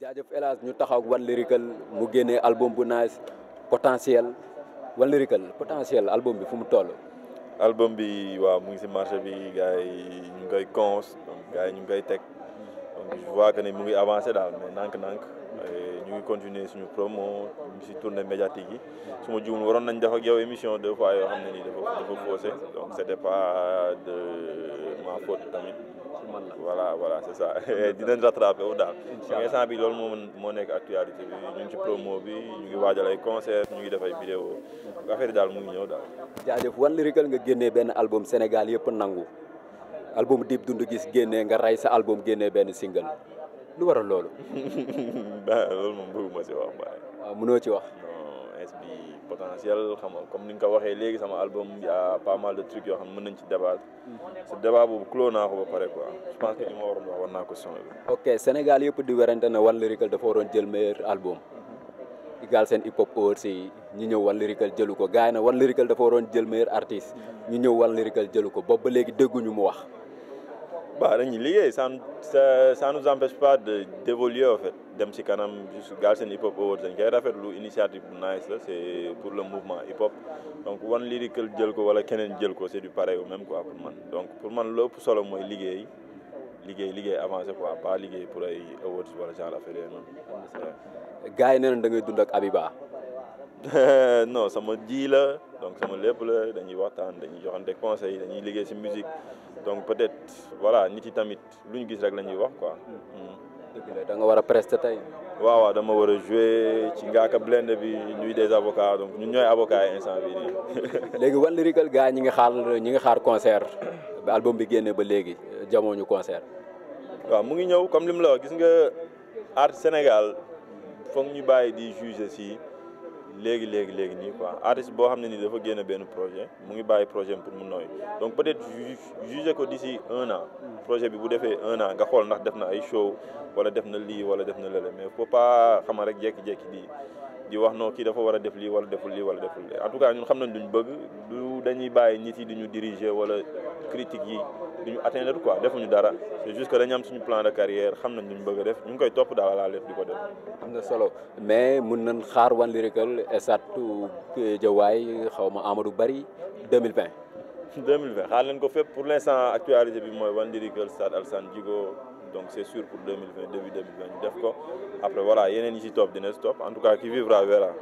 jaajëf El Hadj ñu taxaw One Lyrical mu génnee album bu nice potentiel One Lyrical potentiel album bi fu mu toll. album bi waaw mu ngi si marché bi gars ñu ngi koy cons donc ñu ngi koy teg donc je vois que ni mu ngi avancé daal mais nànk-nànk ñu ngi continuer suñu promo ñu si tournée médiatique yi su ma juumul waroon nañ def ak yow émission deux fois yoo xam ne nii dafa dafa faussé donc c'était pas de ma faute tamit. yàlla. voilà voilà c' est ça dinañ rattrapé wu daal. incha allah instant bi loolu moo moo nekk actualité bi ñu ngi ci promo bi ñu ngi waajal ay concert ñu ngi def ay vidéo affaire yi daal mu ñëw daal. jaajëf wan lyrical nga génnee benn album Sénégal yëpp nangu album Dip Doundou gis génne nga rey sa album génne benn single lu waral loolu. loolu moom bëgguma si wax waaye. waaw ci wax. potentiel xam nga comme ni nga ko waxee léegi sama album y a pas mal de trucs yoo xam ne mën nañ ci débat sa débat boobu clos naa ko ba pare quoi je pense que li ma waroon wax war naa question bi ok Sénégal yëpp di werante na One Lyrical dafa waroon jël meilleur album Galsen Hip Hop Awards yi ñu ñëw One Lyrical jëlu ko gars yi na One Lyrical dafa waroon jël meilleur artiste ñu ñëw One Lyrical jëlu ko boobu ba léegi dégguñu mu wax Bah, ça, ça nous empêche pas d'évoluer en fait. Dem si kanam juste Galsen Hip Hop Awards dañ koy rafetlu initiative bu nice la c'est pour le mouvement hip hop. Donc wan lyrical jël ko wala keneen jël ko c'est du pareil au même quoi pour man. Donc pour man lu ëpp solo mooy liggéey liggéey liggéey avancé quoi pas liggéey pour ay awards wala genre affaire yooyu noonu. Gars yi nee da ngay dund ak Abiba. no sama ji la donc sama lépp la dañuy waxtaan dañuy joxante conseil dañuy liggéey si musique donc peut-être voilà nit yi tamit lu ñu gis rek lañuy wax quoi. Hmm. dëgg da nga war a prester tey. waaw waaw dama war a jouer ci Ngaaka Blindé bi ñuy des avocats donc ñu ñooy avocats yi instant bii léegi One Lyrical gars ñi nga xaar ñi ngi xaar concert ba album bi génnee ba léegi jamoo ñu concert. waaw mu ngi ñëw comme lim la gis nga art Sénégal foog ñu bàyyi di juger si léegi léegi léegi nii quoi artiste boo xam ne nii dafa génn benn projet mu ngi bàyyi projet pour mu nooy donc peut-être juger ko d'ici un an projet bi bu defee un an nga xool ndax def na ay show wala def na lii wala def na lële mais foo pas xama rek jékki-jékki di di wax noo kii dafa war a def lii wala deful lii wala deful lii en tout cas ñu xam na nañ ñu bëgg du dañuy bàyyi nit yi di ñu diriger wala critique yi du ñu atteindre quoi defuñu dara c'est juste que am suñu plan de carrière xam nañ ñu bëgg a def ñu ngi koy topp daal laa lépp di ko def. am na solo mais mun na xaar One Lyrical esat jëwaay xaw ma Amadou Bari 2020. 2020 xaar leen ko fépp pour l'instant actualité bi mooy One Lyrical Stade Alassane Djigo donc c'est sûr pour 2020 début 2020 ñu def ko après voilà yeneen yi ci topp dina ci topp en tout cas qui vivra verra.